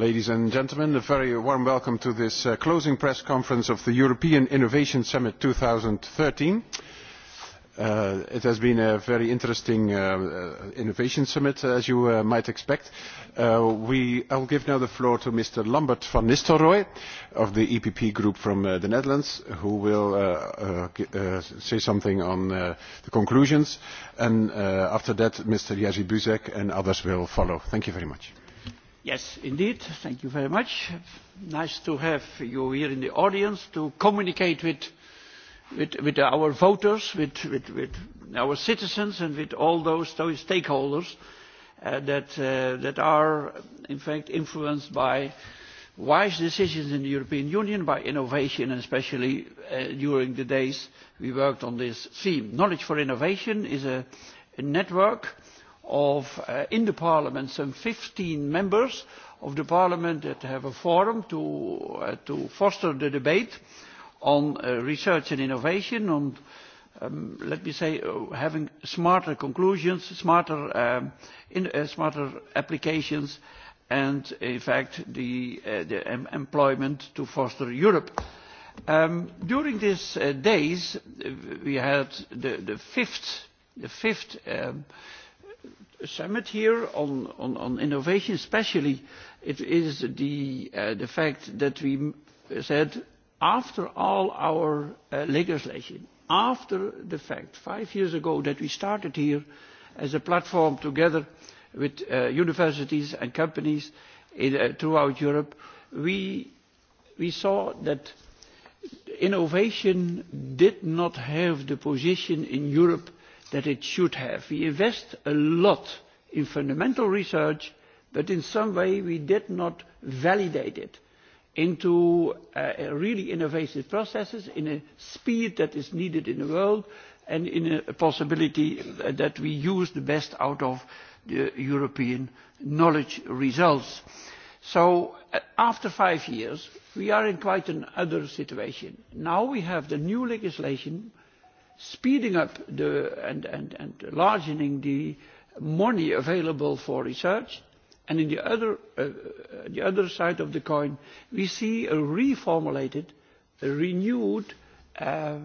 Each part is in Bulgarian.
ladies and gentlemen a very warm welcome to this closing press conference of the european innovation summit. two thousand and thirteen it has been a very interesting innovation summit as you might expect. i will give now the floor to mr lambert van nistelrooij of the epp group from the netherlands who will say something on the conclusions and after that mr jerzy buzek and others will follow. thank you very much. Yes, indeed. Thank you very much. Nice to have you here in the audience to communicate with, with, with our voters, with, with, with our citizens, and with all those, those stakeholders uh, that, uh, that are, in fact, influenced by wise decisions in the European Union, by innovation, and especially uh, during the days we worked on this theme. Knowledge for Innovation is a, a network uh, of in the parliament some fifteen members of the parliament that have a forum to foster the debate on research and innovation on let me say having smarter conclusions smarter applications and in fact the employment to foster europe. during these days we had the fifth summit here on, on, on innovation, especially it is the, uh, the fact that we said after all our uh, legislation, after the fact, five years ago, that we started here as a platform together with uh, universities and companies in, uh, throughout Europe, we, we saw that innovation did not have the position in Europe that it should have. We invest a lot in fundamental research, but in some way we did not validate it into uh, really innovative processes in a speed that is needed in the world and in a possibility that we use the best out of the European knowledge results. So after five years, we are in quite another situation. Now we have the new legislation speeding up the, and, and, and largening the money available for research. And in the other, uh, the other side of the coin, we see a reformulated, a renewed uh,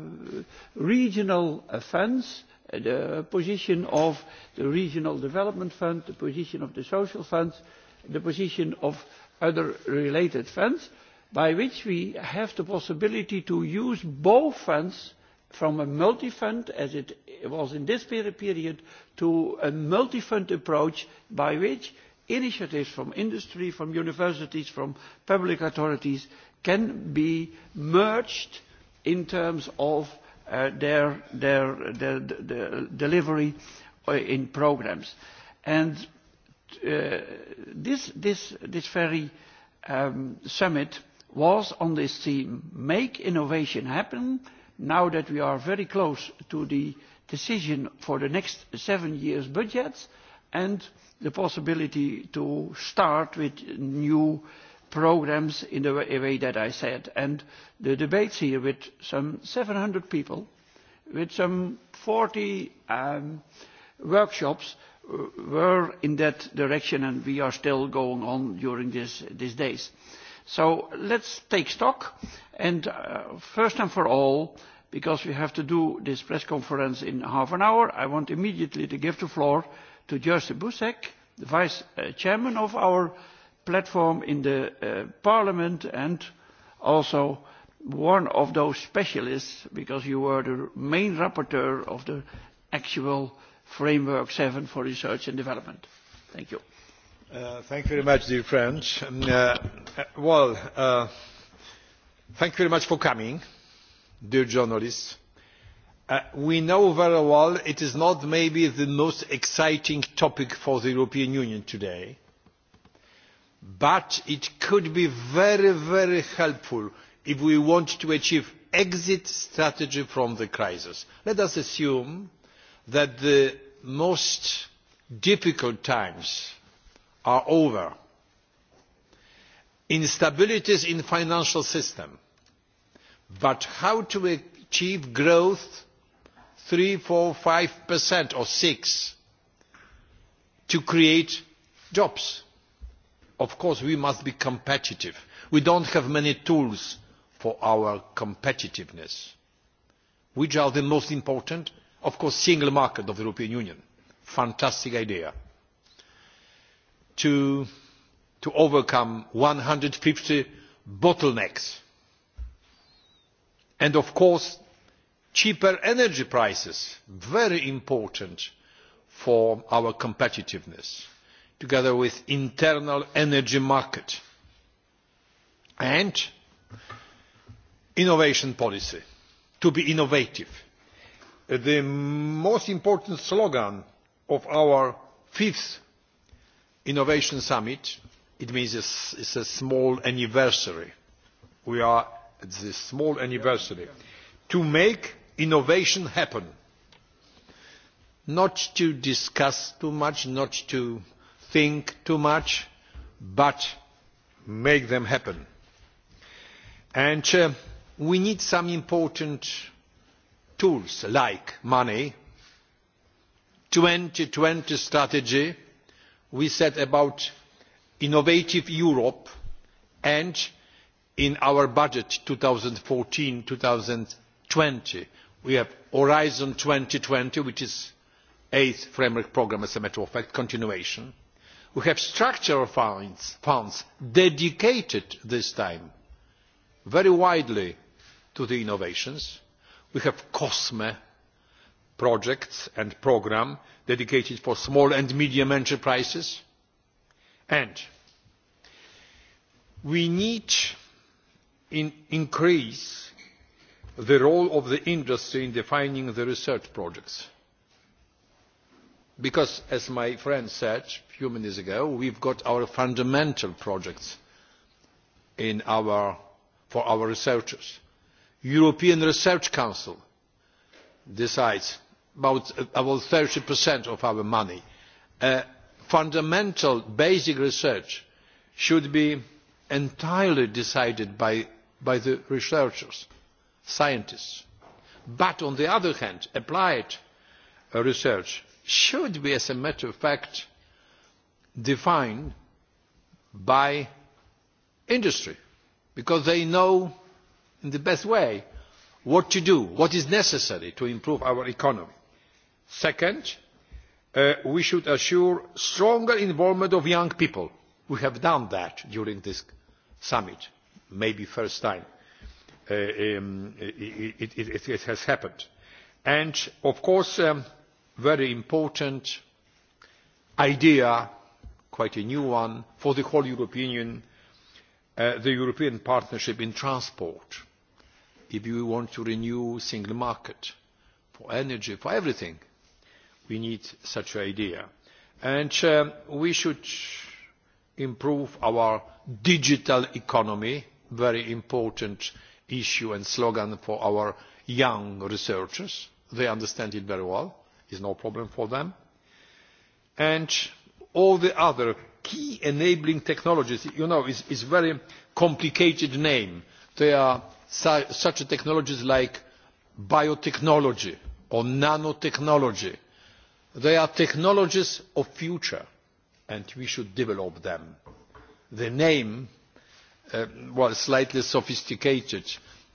regional uh, funds, the position of the regional development fund, the position of the social funds, the position of other related funds, by which we have the possibility to use both funds uh, from a multi-fund, as it was in this period, to a multi-fund approach by which initiatives from industry, from universities, from public authorities can be merged in terms of their, delivery in programmes. And this, this, this very summit was on this theme, make innovation happen now that we are very close to the decision for the next seven years' budget and the possibility to start with new programmes in the way that I said. And the debates here with some seven hundred people, with some forty um, workshops, were in that direction and we are still going on during these days. So let's take stock And uh, first and for all, because we have to do this press conference in half an hour, I want immediately to give the floor to Jerzy Busek, the Vice uh, Chairman of our platform in the uh, Parliament and also one of those specialists, because you were the main rapporteur of the actual Framework 7 for Research and Development. Thank you. Uh, thank you very much, dear friends. Uh, well, uh, thank you very much for coming, dear journalists. we know very well it is not maybe the most exciting topic for the European Union today, but it could be very, very helpful if we want to achieve exit strategy from the crisis. Let us assume that the most difficult times are over. Instabilities in the financial system, but how to achieve growth three, four, five percent or six to create jobs. Of course, we must be competitive. We don't have many tools for our competitiveness. Which are the most important? Of course, single market of the European Union. Fantastic idea. To, to overcome 150 bottlenecks and of course cheaper energy prices very important for our competitiveness together with internal energy market and innovation policy to be innovative the most important slogan of our fifth innovation summit it means it is a small anniversary we are at this small anniversary, to make innovation happen. Not to discuss too much, not to think too much, but make them happen. And we need some important tools like money, twenty twenty strategy, we said about innovative Europe and in our budget two thousand and fourteen two thousand and twenty we have horizon two thousand and twenty which is the eighth framework programme as a matter of fact continuation we have structural funds dedicated this time very widely to the innovations we have cosme projects and programme dedicated for small and medium enterprises and we need increase the role of the industry in defining the research projects because as my friend said a few minutes ago we have got our fundamental projects for our researchers. the european research council decides about thirty of our money. fundamental basic research should be entirely decided by the researchers, scientists. But on the other hand, applied research should be, as a matter of fact, defined by industry, because they know in the best way what to do, what is necessary to improve our economy. Second, we should assure stronger involvement of young people. We have done that during this summit maybe first time it has happened. and of course a very important idea quite a new one for the whole european union the european partnership in transport if you want to renew the single market for energy for everything we need such an idea and we should improve our digital economy very important issue and slogan for our young researchers. They understand it very well. it is no problem for them. And all the other key enabling technologies, you know, is, a very complicated name. They are such technologies like biotechnology or nanotechnology. They are technologies of future and we should develop them. The name was slightly sophisticated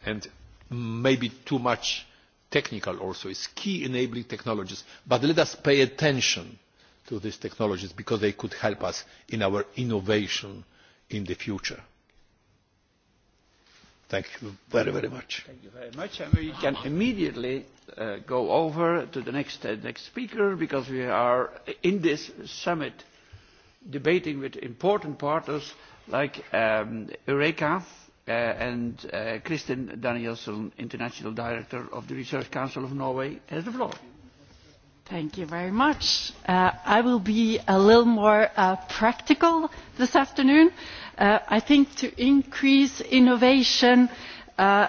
and maybe too much technical also. is key enabling technologies. But let us pay attention to these technologies because they could help us in our innovation in the future. Thank you very, very much. Thank you very much. And we can immediately uh, go over to the next, uh, next speaker because we are in this summit debating with important partners like Eureka and Kristin danielsson International Director of the Research Council of Norway, has the floor. Thank you very much. Uh, I will be a little more uh, practical this afternoon. Uh, I think to increase innovation, uh,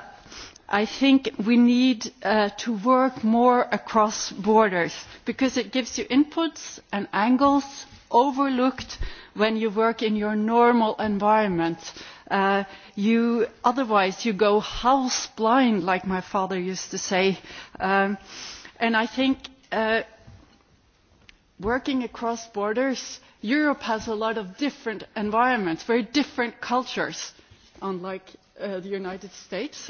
I think we need uh, to work more across borders because it gives you inputs and angles overlooked uh, when you work in your normal environment. you, otherwise you go house blind, like my father used to say. and I think working across borders, Europe has a lot of different environments, very different cultures, unlike the United States,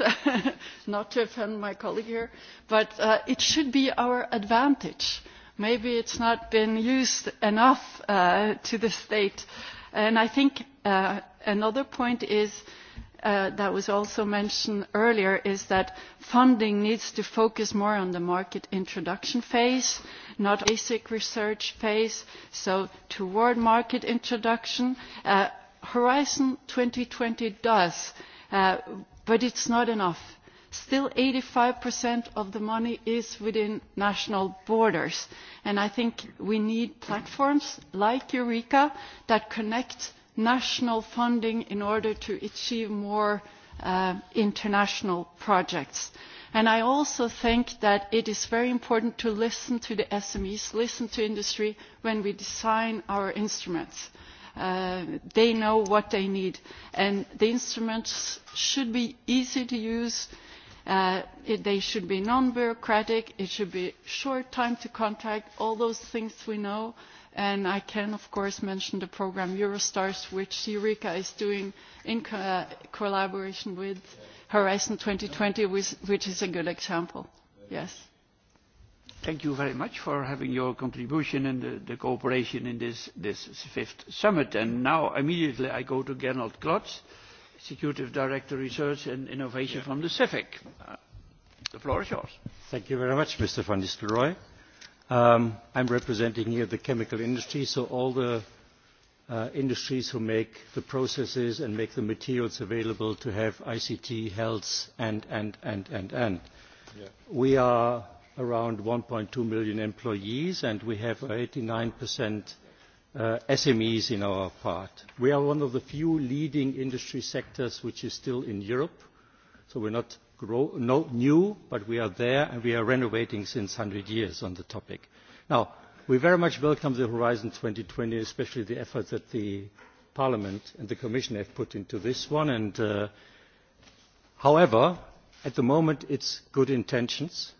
not to offend my colleague here, but it should be our advantage maybe it's not been used enough uh, to the state. And I think uh, another point is uh, that was also mentioned earlier is that funding needs to focus more on the market introduction phase, not basic research phase, so toward market introduction. Uh, Horizon 2020 does, uh, but it's not enough still 85% of the money is within national borders. And I think we need platforms like Eureka that connect national funding in order to achieve more international projects. I also think that it is very important to listen to the SMEs, listen to industry when we design our instruments. They know what they need, and the instruments should be easy to use, they should be non-bureaucratic, it should be short time to contact, all those things we know. And I can, of course, mention the program Eurostars, which Eureka is doing in co collaboration with Horizon 2020, which, which is a good example. Yes. Thank you very much for having your contribution and the, the cooperation in this, this fifth summit. And now, immediately, I go to Gernot Klotz Executive Director Research and Innovation from the CIFIC. The floor is yours. Thank you very much, Mr. Van Nistelrooy. Um, I'm representing here the chemical industry, so all the uh, industries who make the processes and make the materials available to have ICT, health, and, and, and, and, and. Yeah. We are around 1.2 million employees, and we have 89 percent SMEs in our part. We are one of the few leading industry sectors which is still in Europe. So we are not new, but we are there, and we are renovating since hundred years on the topic. Now, we very much welcome the Horizon twenty, especially the effort that the Parliament and the Commission have put into this one. however, at the moment, it is good intentions.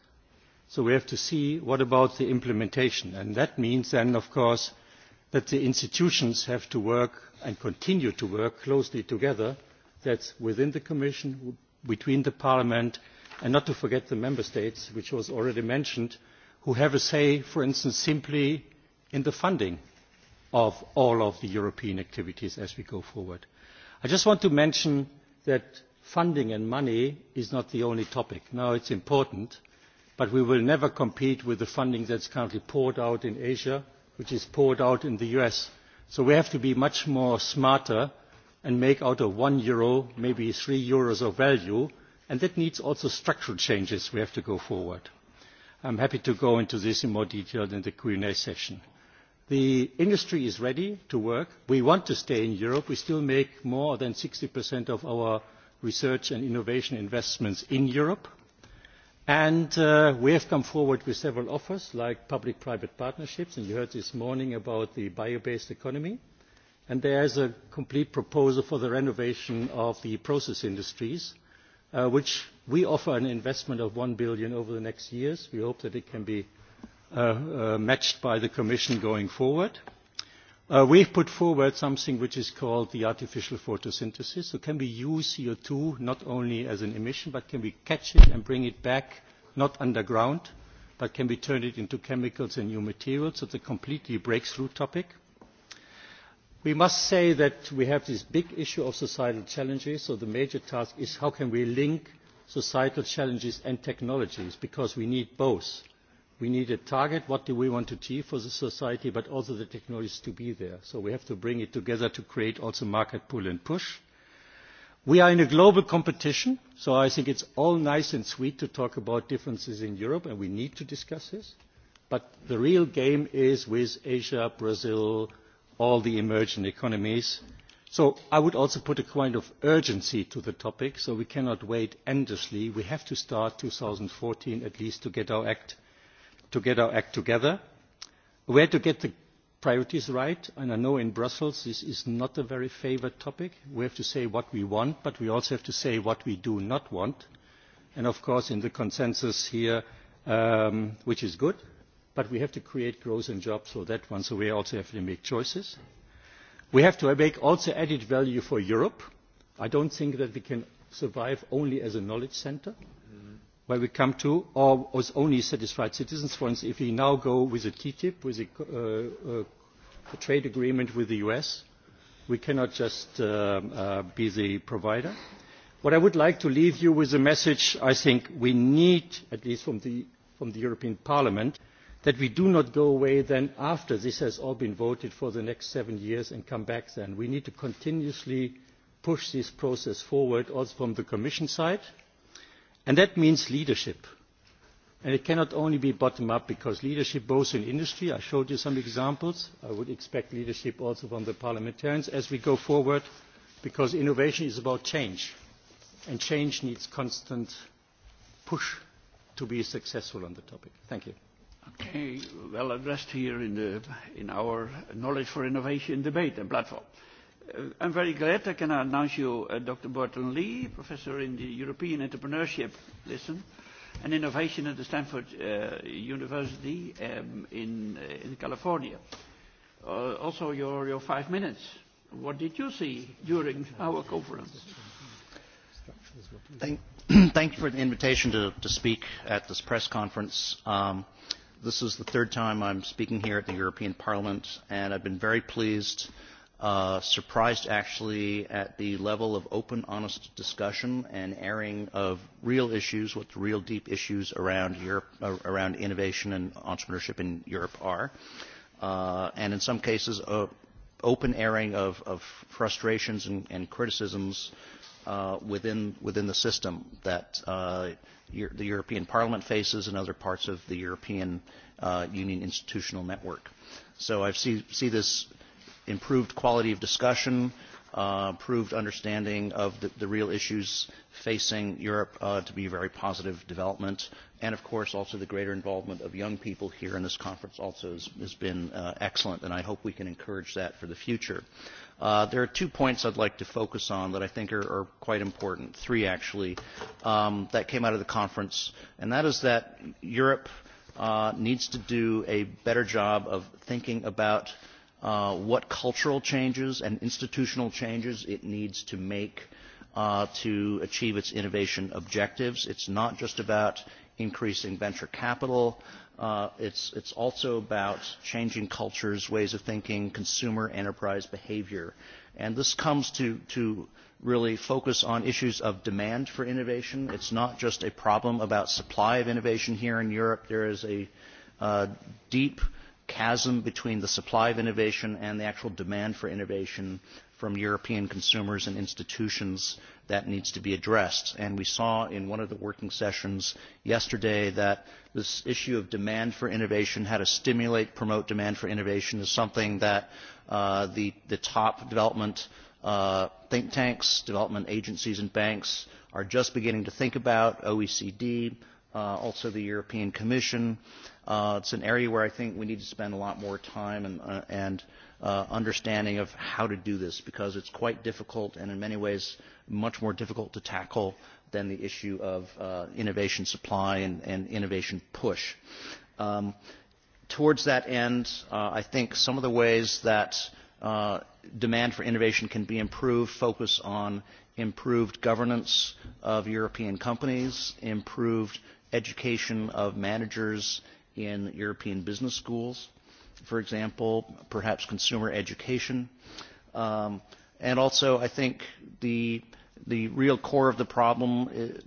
So we have to see what about the implementation. And that means then, of course, that the institutions have to work and continue to work closely together that is within the commission between parliament and not to forget the member states which was already mentioned who have a say for instance simply in the funding of all of the european activities as we go forward. i just want to mention that funding and money is not the only topic. it is important but we will never compete with the funding that is currently poured out in asia which is poured out in the us. so we have to be much more smarter and make out of one euro maybe three euros of value and that needs also structural changes we have to go forward. i am happy to go into this in more detail in the q and a session. the industry is ready to work. we want to stay in europe. we still make more than sixty of our research and innovation investments in europe and we have come forward with several offers like public private partnerships and you heard this morning about the bio based economy and there is a complete proposal for the renovation of the process industries which we offer an investment of eur one billion over the next years. we hope that it can be matched by the commission going forward we have put forward something which is called the artificial photosynthesis. So can we use co two not only as an emission, but can we catch it and bring it back, not underground, but can we turn it into chemicals and new materials? So it is a completely breakthrough topic. We must say that we have this big issue of societal challenges, so the major task is how can we link societal challenges and technologies, because we need both we need a target what do we want to achieve for the society but also the technologies to be there so we have to bring it together to create also market pull and push we are in a global competition so i think it is all nice and sweet to talk about differences in europe and we need to discuss this but the real game is with asia brazil all the emerging economies so i would also put a kind of urgency to the topic so we cannot wait endlessly we have to start two thousand and fourteen at least to get our act to get our act together. We had to get the priorities right, and I know in Brussels this is not a very favoured topic. We have to say what we want, but we also have to say what we do not want. And of course, in the consensus here, which is good, but we have to create growth and jobs for that one, so we also have to make choices. We have to make also added value for Europe. I don't think that we can survive only as a knowledge centre where we come to, or as only satisfied citizens. For instance, if we now go with a TTIP, with a, uh, a trade agreement with the US, we cannot just uh, be the provider. What I would like to leave you with a message I think we need, at least from the, from the European Parliament, that we do not go away then after this has all been voted for the next seven years and come back then. We need to continuously push this process forward also from the Commission side and that means leadership and it cannot only be bottom up because leadership both in industry i showed you some examples i would expect leadership also from the parliamentarians as we go forward because innovation is about change and change needs constant push to be successful on the topic. Thank you. Okay, well addressed here in, the, in our Knowledge for Innovation debate and platform. I'm very glad I can announce you uh, Dr. Burton Lee, professor in the European Entrepreneurship, listen, and Innovation at the Stanford uh, University um, in, uh, in California. Uh, also, your, your five minutes. What did you see during our conference? Thank, thank you for the invitation to, to speak at this press conference. Um, this is the third time I'm speaking here at the European Parliament, and I've been very pleased uh, surprised actually at the level of open, honest discussion and airing of real issues, what the real deep issues around Europe, uh, around innovation and entrepreneurship in Europe are, uh, and in some cases, uh, open airing of, of frustrations and, and criticisms uh, within within the system that uh, the European Parliament faces and other parts of the European uh, Union institutional network. So I see see this improved quality of discussion, uh, improved understanding of the, the real issues facing Europe uh, to be a very positive development. And of course, also the greater involvement of young people here in this conference also has, has been uh, excellent, and I hope we can encourage that for the future. Uh, there are two points I'd like to focus on that I think are, are quite important, three actually, um, that came out of the conference, and that is that Europe uh, needs to do a better job of thinking about – uh, what cultural changes and institutional changes it needs to make uh, to achieve its innovation objectives. It's not just about increasing venture capital. Uh, it's, it's also about changing cultures, ways of thinking, consumer enterprise behavior. And this comes to, to really focus on issues of demand for innovation. It's not just a problem about supply of innovation here in Europe. There is a uh, deep uh, chasm between the supply of innovation and the actual demand for innovation from European consumers and institutions that needs to be addressed. And we saw in one of the working sessions yesterday that this issue of demand for innovation, how to stimulate, promote demand for innovation is something that uh, the, the top development uh, think tanks, development agencies and banks are just beginning to think about, OECD, uh, also the European Commission. Uh, Uh, it's an area where I think we need to spend a lot more time and, uh, and uh, understanding of how to do this because it's quite difficult and in many ways much more difficult to tackle than the issue of uh, innovation supply and, and innovation push. Um, towards that end, uh, I think some of the ways that uh, demand for innovation can be improved focus on improved governance of European companies, improved education of managers in European business schools, for example, perhaps consumer education. Um, and also, I think the, the real core of the problem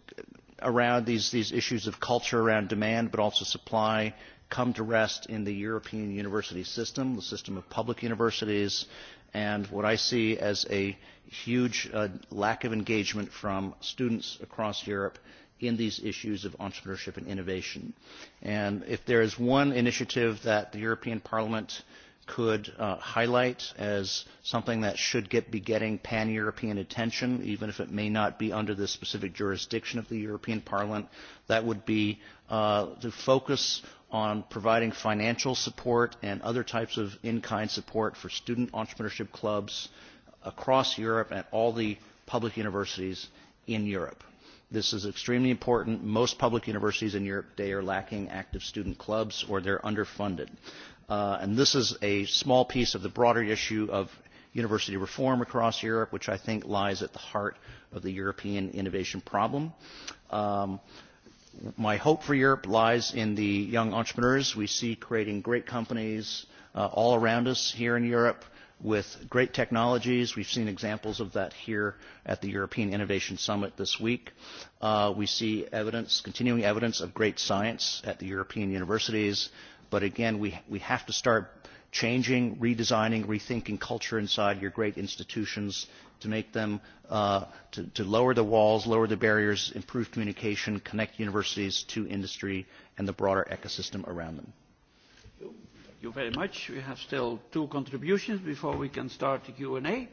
around these, these issues of culture around demand, but also supply, come to rest in the European university system, the system of public universities, and what I see as a huge uh, lack of engagement from students across Europe in these issues of entrepreneurship and innovation. And if there is one initiative that the European Parliament could uh, highlight as something that should get, be getting pan-European attention, even if it may not be under the specific jurisdiction of the European Parliament, that would be uh, to focus on providing financial support and other types of in-kind support for student entrepreneurship clubs across Europe and all the public universities in Europe This is extremely important. Most public universities in Europe today are lacking active student clubs or they're underfunded. Uh, and this is a small piece of the broader issue of university reform across Europe, which I think lies at the heart of the European innovation problem. Um, my hope for Europe lies in the young entrepreneurs we see creating great companies uh, all around us here in Europe with great technologies. We've seen examples of that here at the European Innovation Summit this week. Uh, we see evidence, continuing evidence of great science at the European universities. But again, we, we have to start changing, redesigning, rethinking culture inside your great institutions to make them, uh, to, to lower the walls, lower the barriers, improve communication, connect universities to industry and the broader ecosystem around them you very much. We have still two contributions before we can start the Q&A.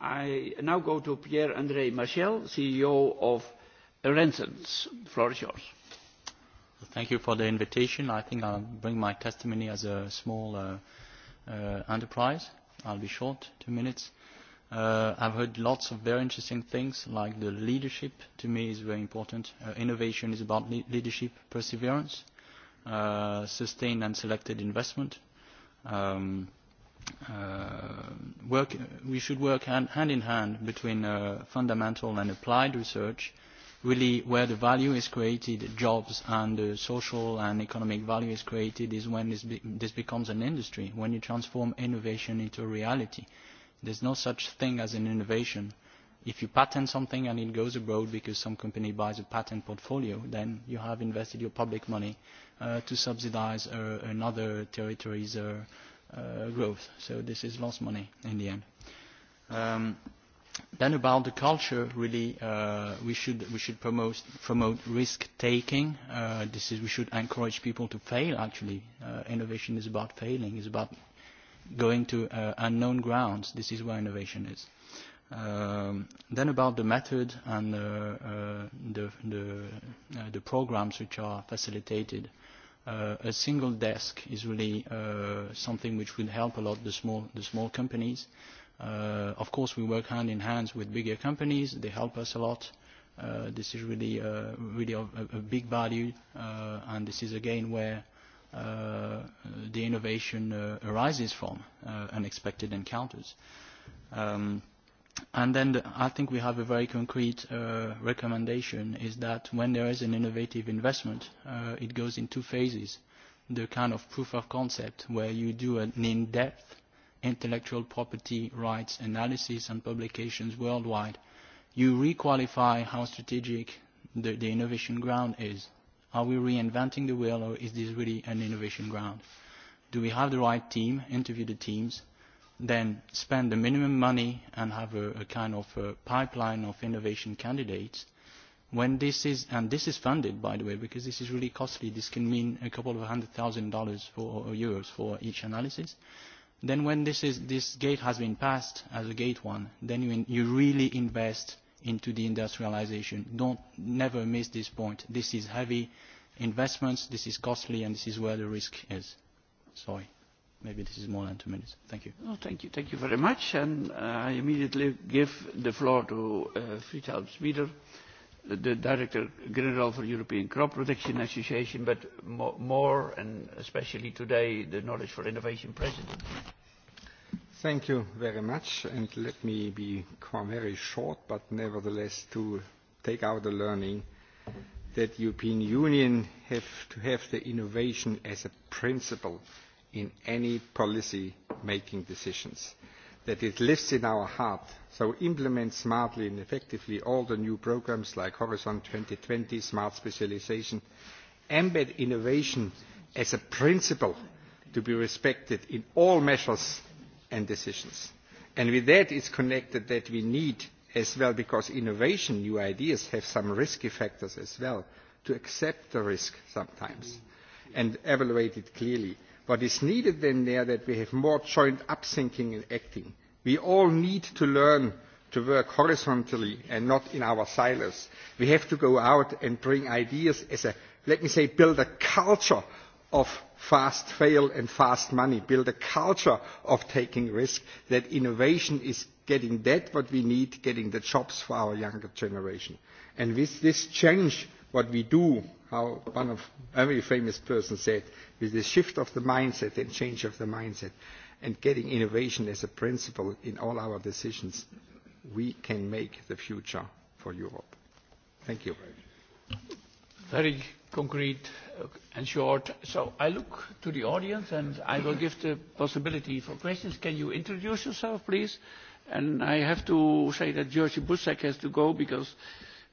I now go to Pierre-André Michel, CEO of Renaissance. The floor is yours. Thank you for the invitation. I think I'll bring my testimony as a small uh, uh, enterprise. I'll be short, two minutes. Uh, I've heard lots of very interesting things, like the leadership to me is very important. Uh, innovation is about le leadership, perseverance. Uh, uh, sustained and selected investment. Um, uh, work, we should work hand, hand in hand between uh, fundamental and applied research, really where the value is created, jobs and the social and economic value is created is when this, be, this becomes an industry, when you transform innovation into reality. There's no such thing as an innovation. If you patent something and it goes abroad because some company buys a patent portfolio, then you have invested your public money uh, to subsidize uh, another territory's uh, uh, growth. So this is lost money in the end. Um, then about the culture, really, uh, we should we should promote promote risk taking. Uh, this is we should encourage people to fail. Actually, uh, innovation is about failing. It's about going to uh, unknown grounds. This is where innovation is. Um, then about the method and uh, uh, the the, uh, the programs which are facilitated uh, a single desk is really uh, something which will help a lot the small, the small companies. Uh, of course, we work hand in hand with bigger companies. They help us a lot. Uh, this is really, uh, really a, a big value, uh, and this is again where uh, the innovation uh, arises from uh, unexpected encounters. Um, And then the, I think we have a very concrete uh, recommendation is that when there is an innovative investment, uh, it goes in two phases. The kind of proof of concept where you do an in-depth intellectual property rights analysis and publications worldwide. You requalify how strategic the, the innovation ground is. Are we reinventing the wheel or is this really an innovation ground? Do we have the right team, interview the teams, then spend the minimum money and have a, a kind of a pipeline of innovation candidates when this is and this is funded by the way because this is really costly this can mean a couple of hundred thousand dollars for or euros for each analysis then when this is this gate has been passed as a gate one then you, in, you really invest into the industrialization don't never miss this point this is heavy investments this is costly and this is where the risk is sorry maybe this is more than two minutes. Thank you. Oh, thank you. Thank you very much. And uh, I immediately give the floor to uh, Friedhelm Smieder, the Director General for European Crop Protection Association, but mo more, and especially today, the Knowledge for Innovation President. Thank you very much, and let me be very short, but nevertheless to take out the learning that the European Union have to have the innovation as a principle in any policy making decisions, that it lives in our heart, so implement smartly and effectively all the new programmes like Horizon twenty, smart specialisation, embed innovation as a principle to be respected in all measures and decisions. And with that it is connected that we need as well, because innovation, new ideas have some risky factors as well, to accept the risk sometimes and evaluate it clearly What is needed then there that we have more joint up thinking and acting. We all need to learn to work horizontally and not in our silos. We have to go out and bring ideas as a, let me say, build a culture of fast fail and fast money, build a culture of taking risk, that innovation is getting that what we need, getting the jobs for our younger generation. And with this change, what we do, how one of every famous person said, with the shift of the mindset and change of the mindset and getting innovation as a principle in all our decisions, we can make the future for Europe. Thank you. Very concrete and short. So I look to the audience and I will give the possibility for questions. Can you introduce yourself, please? And I have to say that Georgi Busek has to go because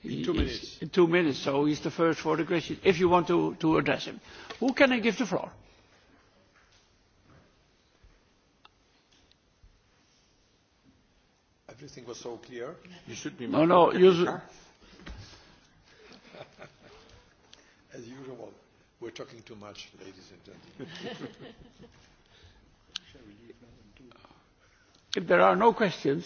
In two minutes. In two minutes, so he's the first for the question, if you want to, to address him. Who can I give the floor? Everything was so clear. You should be... No, no, As usual, we're talking too much, ladies and gentlemen. If there are no questions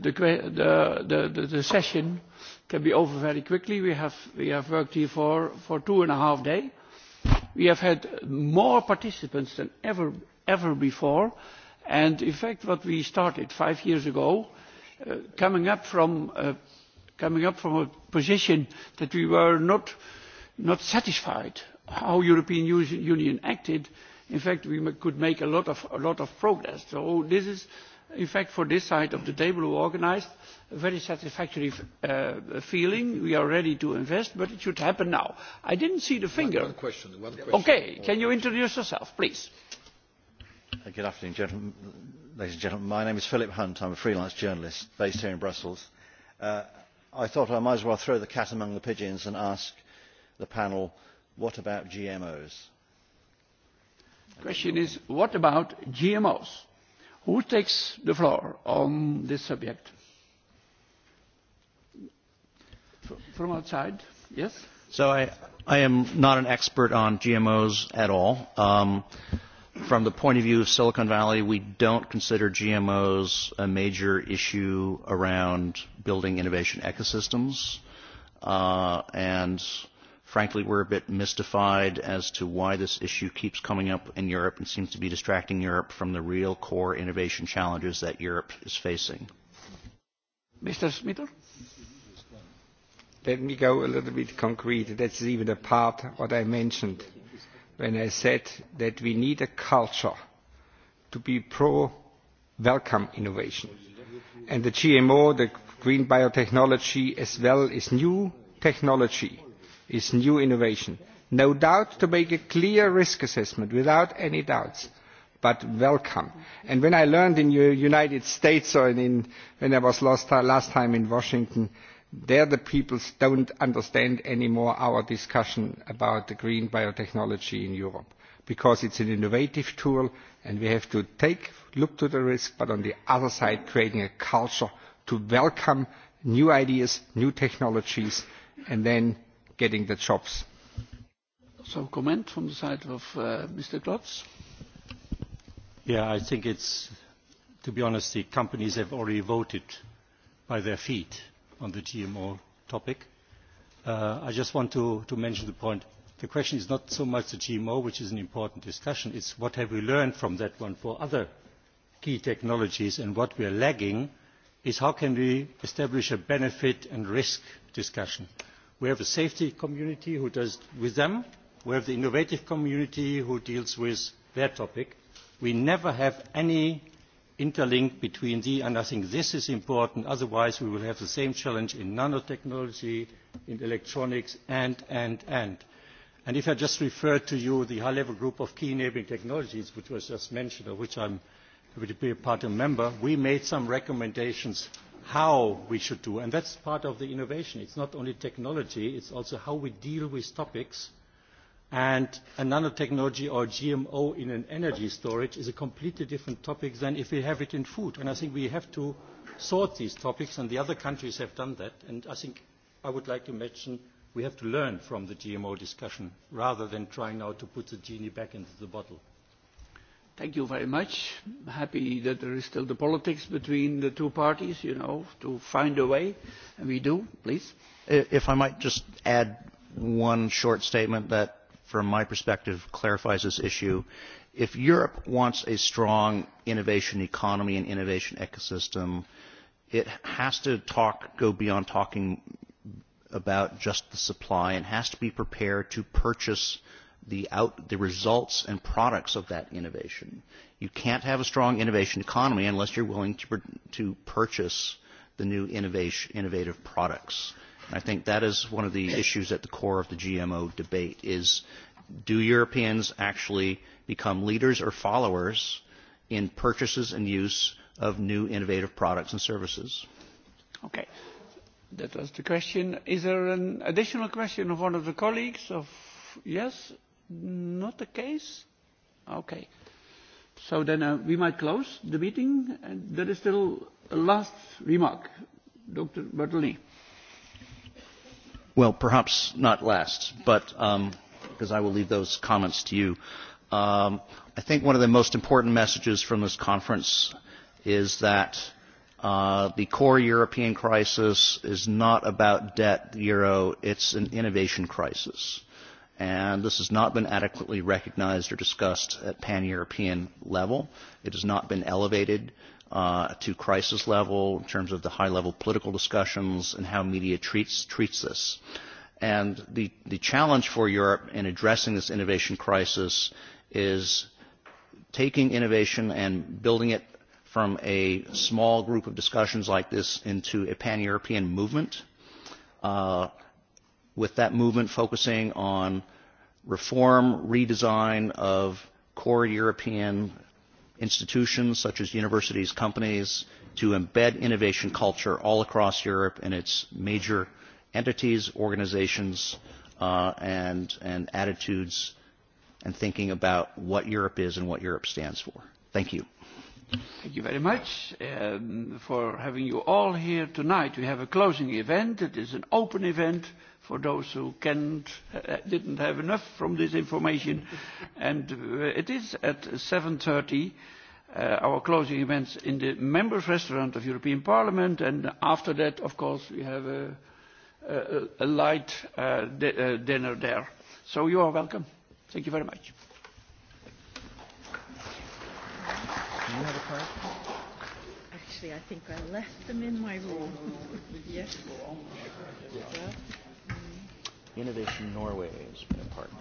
the, the, the, the session can be over very quickly. We have, we have worked here for, for two and a half days. We have had more participants than ever, ever before. And in fact, what we started five years ago, uh, coming, up from, uh, coming up from a position that we were not, not satisfied how the European Union acted, in fact, we could make a lot of, a lot of progress. So this is in fact for this side of the table who organised a very satisfactory uh, feeling. We are ready to invest, but it should happen now. I didn't see the finger. One question, one question. Okay, can you introduce yourself, please? Good afternoon, gentlemen, ladies and gentlemen. My name is Philip Hunt. I'm a freelance journalist based here in Brussels. Uh, I thought I might as well throw the cat among the pigeons and ask the panel, what about GMOs? The question is, what about GMOs? Who takes the floor on this subject? From outside, yes? So I, I am not an expert on GMOs at all. Um, from the point of view of Silicon Valley, we don't consider GMOs a major issue around building innovation ecosystems. Uh, and frankly, we're a bit mystified as to why this issue keeps coming up in Europe and seems to be distracting Europe from the real core innovation challenges that Europe is facing. Mr. Smither? Let me go a little bit concrete. That's even a part of what I mentioned when I said that we need a culture to be pro-welcome innovation. And the GMO, the green biotechnology as well, is new technology is new innovation. No doubt to make a clear risk assessment without any doubts, but welcome. And when I learned in the United States or in, when I was last, time in Washington, there the people do not understand anymore our discussion about the green biotechnology in Europe because it is an innovative tool and we have to take look to the risk but on the other side creating a culture to welcome new ideas, new technologies and then getting the jobs. Some comment from the side of uh, Mr. Klotz? Yeah, I think it's, to be honest, the companies have already voted by their feet on the GMO topic. Uh, I just want to, to mention the point. The question is not so much the GMO, which is an important discussion, it's what have we learned from that one for other key technologies and what we are lagging is how can we establish a benefit and risk discussion we have a safety community who deals with them we have the innovative community who deals with their topic we never have any interlink between these and i think this is important otherwise we will have the same challenge in nanotechnology in electronics and and and and if i just refer to you the high level group of key enabling technologies which was just mentioned of which i am happy to be a part and member we made some recommendations how we should do and is part of the innovation It is not only technology it is also how we deal with topics and nanotechnology or gmo in an energy storage is a completely different topic than if we have it in food and i think we have to sort these topics and the other countries have done that and i think i would like to mention we have to learn from the gmo discussion rather than trying now to put the genie back into the bottle Thank you very much. I'm happy that there is still the politics between the two parties, you know, to find a way, and we do. Please. If I might just add one short statement that, from my perspective, clarifies this issue. If Europe wants a strong innovation economy and innovation ecosystem, it has to talk, go beyond talking about just the supply and has to be prepared to purchase – the, out, the results and products of that innovation. You can't have a strong innovation economy unless you're willing to, to purchase the new innovation, innovative products. And I think that is one of the issues at the core of the GMO debate is do Europeans actually become leaders or followers in purchases and use of new innovative products and services? Okay. That was the question. Is there an additional question of one of the colleagues? Of Yes? Not the case? Okay. So then uh, we might close the meeting. And there is still a last remark. Dr. Bertolini. Well, perhaps not last, but um, because I will leave those comments to you. Um, I think one of the most important messages from this conference is that uh, the core European crisis is not about debt, euro, it's an innovation crisis and this has not been adequately recognized or discussed at pan-European level. It has not been elevated uh, to crisis level in terms of the high-level political discussions and how media treats treats this. And the, the challenge for Europe in addressing this innovation crisis is taking innovation and building it from a small group of discussions like this into a pan-European movement. Uh, with that movement focusing on reform, redesign of core European institutions such as universities, companies, to embed innovation culture all across Europe and its major entities, organizations, uh, and, and attitudes and thinking about what Europe is and what Europe stands for. Thank you. Thank you very much um, for having you all here tonight. We have a closing event. It is an open event for those who can't, uh, didn't have enough from this information. And uh, it is at 7.30, uh, our closing events in the Members' Restaurant of European Parliament. And after that, of course, we have a, a, a light uh, di uh, dinner there. So you are welcome. Thank you very much. Do you have a card? Actually, I think I left them in my room. yes. Innovation Norway has been a partner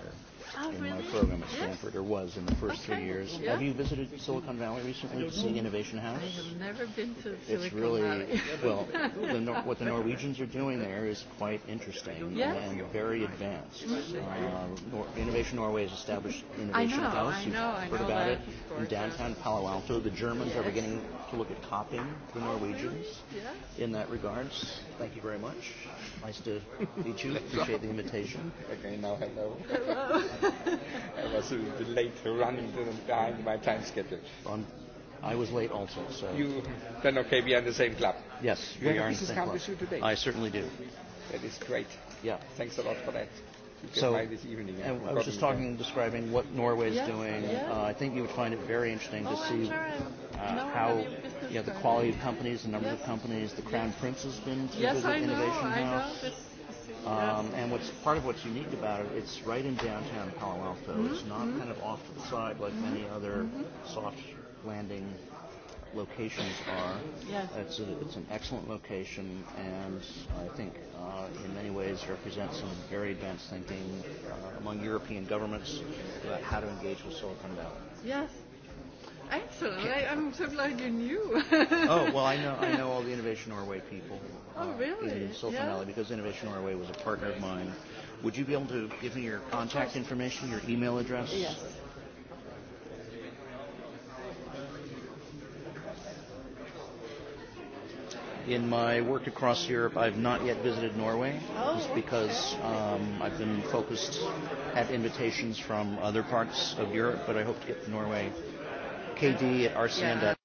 oh, in my program at Stanford, or was in the first three years. Have you visited Silicon Valley recently to see Innovation House? I have never been to Silicon It's really, well, the Nor- what the Norwegians are doing there is quite interesting and very advanced. Uh, Nor- Innovation Norway has established Innovation House. You've heard about it. In downtown Palo Alto, the Germans are beginning to look at copying the Norwegians in that regards. Thank you very much. Nice to meet you. Appreciate the invitation. Okay, now hello. Hello. I was a bit late running behind my time schedule. Um, I was late also, so. You, then okay, we are in the same club. Yes, you we are in the same club. you today. I certainly do. That is great. Yeah. Thanks a lot for that. So, this evening. And I was just talking, there. describing what Norway is yes, doing. Uh, I think you would find it very interesting oh, to I'm see Sure uh, how you know, the quality of companies, the number yes. of companies, the Crown yes. Prince has been to yes, visit Innovation House. I know. Um, and what's part of what's unique about it, it's right in downtown Palo Alto. Mm-hmm. It's not kind of off to the side like mm-hmm. many other mm-hmm. soft landing locations are. Yes. It's, a, it's an excellent location, and I think uh, in many ways represents some very advanced thinking uh, among European governments about how to engage with Silicon Valley. Yes. Excellent. I, I'm so glad you knew. oh, well, I know, I know all the Innovation Norway people. Uh, oh, really? In Silicon yeah. Valley, because Innovation Norway was a partner of mine. Would you be able to give me your contact information, your email address? Yes. In my work across Europe, I've not yet visited Norway, oh, just because okay. um, I've been focused at invitations from other parts of Europe, but I hope to get to Norway KD at RCN.